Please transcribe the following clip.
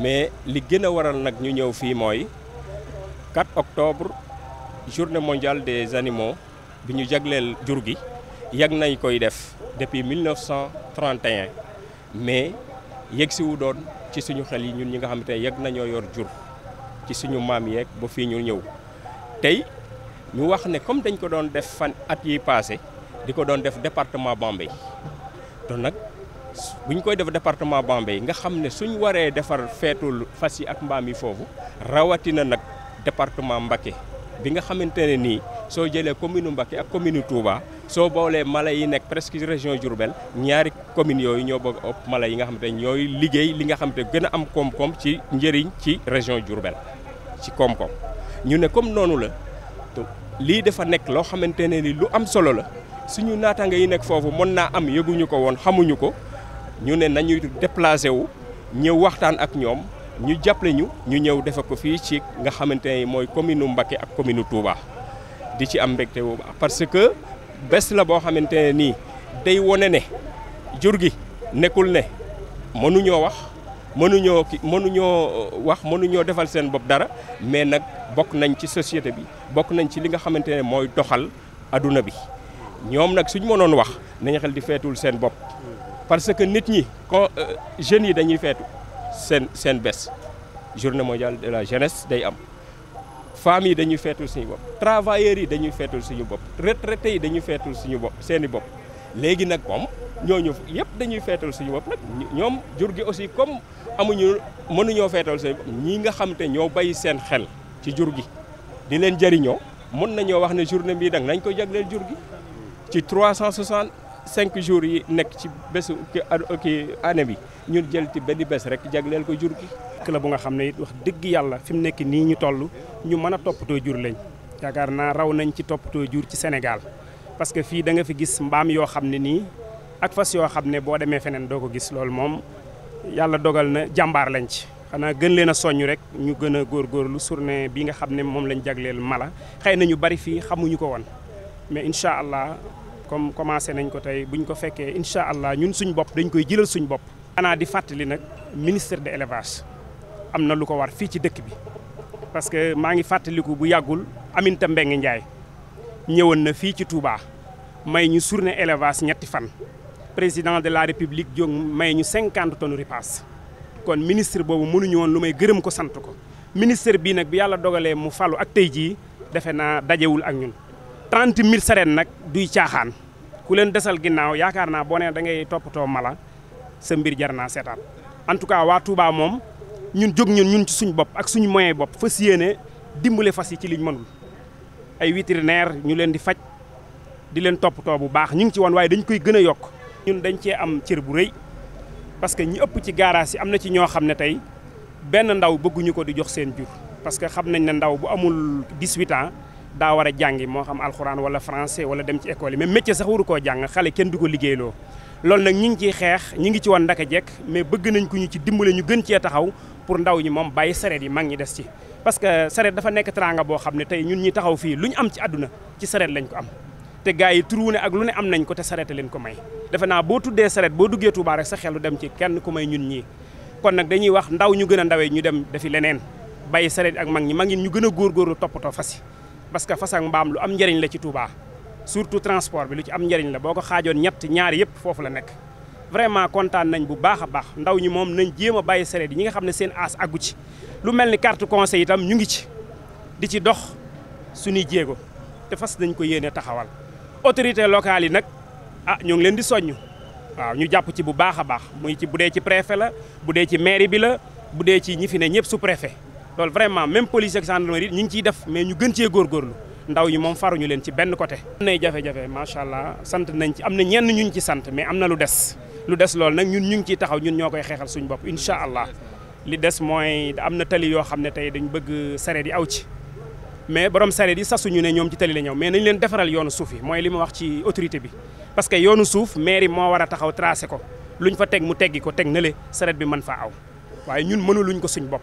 mais li gën a waral nag ñu ñëw fii mooy 4 octobre journée mondiale des animaux bi ñu jagleel jur gi yàgg nañ koy def depuis 1931 mais yegg si doon ci suñu xel yi ñun ñi nga xamante ne yàgg nañoo yor jur ci suñu maam yeeg ba fii ñu ñëw tey ñu wax ne comme dañ ko doon def fan at yi passé di ko doon def département Bambey to bu ñu koy def département Bambey nga xam ne suñ waree defar feetul fas yi ak mbaam yi foofu rawatina nag département Mbacké bi nga xamante ne nii soo jëlee commune Mbacké ak commune Touba soo boolee mala yi nekk presque région Diourbel ñaari communes yooyu ñoo bëgg ëpp mala yi nga xamante ne ñooy liggéey li nga xam ne gën a am koom-koom ci njëriñ ci région Diourbel ci koom-koom ñu ne comme noonu la lii dafa nekk loo xamante ne ni lu am solo la suñu naataanga yi nekk foofu mën naa am yëguñu ko woon xamuñu ko ñu ne nañuy déplacé wu ñëw waxtaan ak ñoom ñu jàpple ñu ñu ñëw defe ko fii ci nga xamante ne mooy commune Mbacké ak commune Touba di ci am mbégte wu parce que bés la boo xamante ne nii day wone ne jur gi nekkul ne mënuñoo wax mënuñoo ki mënuñoo uh, wax mënuñoo defal seen bopp dara mais nag bokk nañ ci société bi bokk nañ ci li nga xamante ne mooy doxal adduna bi ñoom nag suñ mënoon wax nañ xel di feetul seen bopp parce que nit ñi ko euh, jeunes yi dañuy feetu seen seen bés journée modial de la jeunesse day am femmes yi dañuy feetul suñu bopp travailleurs yi dañuy feetul suñu bopp retraités yi dañuy feetul suñu bopp seen i bopp léegi nag moom ñooñu yëpp dañuy feetal suñu bopp nag ñoom jur gi aussi comme amuñu mënuñoo feetal suñu bopp ñi nga xam te ñoo bay seen xel ci jur gi di leen jëriñoo mën nañoo wax ne journée bii nag nañ ko jagleel jur gi ci 360 cinq jours yi nekk ci bésu ki année bi ñun jël ci benn bés rek jagleel ko jur gi. la bu nga xam ne wax dëgg yàlla fi mu nekk nii ñu toll ñu mën a toppatoo jur lañ yaakaar naa raw nañ ci toppatoo jur ci Sénégal parce que fii da nga fi gis mbaam yoo xam ne nii ak fas yoo xam ne boo demee feneen doo ko gis loolu moom yàlla dogal na jàmbaar lañ ci. xanaa gën leen a soññ rek ñu gën a góorgóorlu journée bi nga xam ne moom lañ jagleel mala xëy na ñu bari fii xamuñu ko woon comme commencé nañ ko tey bu ñu ko fekkee incha allah ñun suñ bopp dañu koy jëlal suñ bopp. anaa di fàttali nag ministre de l'élevage am na lu ko war fii ci dëkk bi parce que maa ngi fàttaliku bu yàggul Aminata Mbengue Ndiaye ñëwoon na fii ci Touba may ñu surne élevage ñetti fan. président de la république jóg may ñu cinquante tonnes ripaas kon ministre boobu mënuñu woon lu may gërëm ko sant ko ministre bii nag bi yàlla dogalee mu falu ak tey jii defe naa dajewul ak ñun. trente mille sareet nag duy caaxaan ku leen desal ginnaaw yaakaar naa boo nee da ngay toppatoo mala sa mbir jar naa seetaat en tout cas waa Touba moom ñun jóg ñun ñun ci suñu bopp ak suñu moyen bopp fas yéene dimbale fas yi ci liñ mënul ay vétérinaire ñu leen di faj di leen toppatoo bu baax ñu ngi ci woon waaye dañ koy gën a yokk ñun dañ cee am cër bu rëy parce que ñi ëpp ci garage si am na ci ñoo xam ne tey benn ndaw bëgguñu ko di jox seen jur parce que xam nañ ne ndaw bu amul 18 ans daa war a jàngi moo xam alxuraan wala français wala dem ci école yi mais métier sax waru koo jàng xale kenn du ko liggéeyloo loolu nag ñi ngi ciy xeex ñi ngi ci woon ndaka jekk mais bëgg nañ ku ñu ci dimbale ñu gën cee taxaw pour ndaw ñi moom bàyyi sareet yi mag ñi des ci parce que sareet dafa nekk teraanga boo xam ne tey ñun ñi taxaw fii lu ñu am ci àdduna ci sareet lañ ko am te gaa yi turu ne ak lu ne am nañ ko te sareet leen ko may defe naa boo tuddee sareet boo duggee Touba rek sa dem ci kenn ku may ñun ñii kon nag dañuy wax ndaw ñu gën a ndawee ñu dem dafi leneen bàyyi sareet mag ñi mag ñi ñu gën a góorgóorlu toppatoo fas yi parce que fas mbaam lu am njëriñ la ci Touba surtout transport bi lu ci am njëriñ la boo ko xaajoon ñett ñaari yëpp foofu la nekk vraiment kontaan nañ bu baax a baax ndaw ñi moom nañ jéem a bàyyi sareet yi ñi nga xam ne seen aas àggu ci lu mel ni carte conseil itam ñu ngi ci di ci dox suñuy jéego te fas nañ ko yéene taxawal autorité locale yi nag ah ñoo ngi leen di soññ waaw ñu jàpp ci bu baax a baax muy ci bu dee ci préfet la bu dee ci mairie bi la bu dee ci ñi fi ne ñëpp sous préfet loolu vraiment même police ak gendarmerie ñu ngi ciy def mais ñu gën cee góorgóorlu ndaw yi moom faruñu leen ci benn côté. am nay jafe-jafe sant nañ ci am na ñenn ñu ñu ci sant mais am na lu des lu des loolu nag ñun ñu ngi ciy taxaw ñun ñoo koy xeexal suñu bopp incha allah li des mooy am na tali yoo xam ne tey dañu bëgg sareet yi aw ci. mais borom sareet yi sasuñu ne ñoom ci tali la ñëw mais nañ leen defaral yoonu suuf yi mooy li ma wax ci autorité bi parce que yoonu suuf mairie moo war a taxaw tracé ko luñ fa teg mu teggi ko teg na le bi mën faa aw waaye ñun mënu luñ ko suñ bopp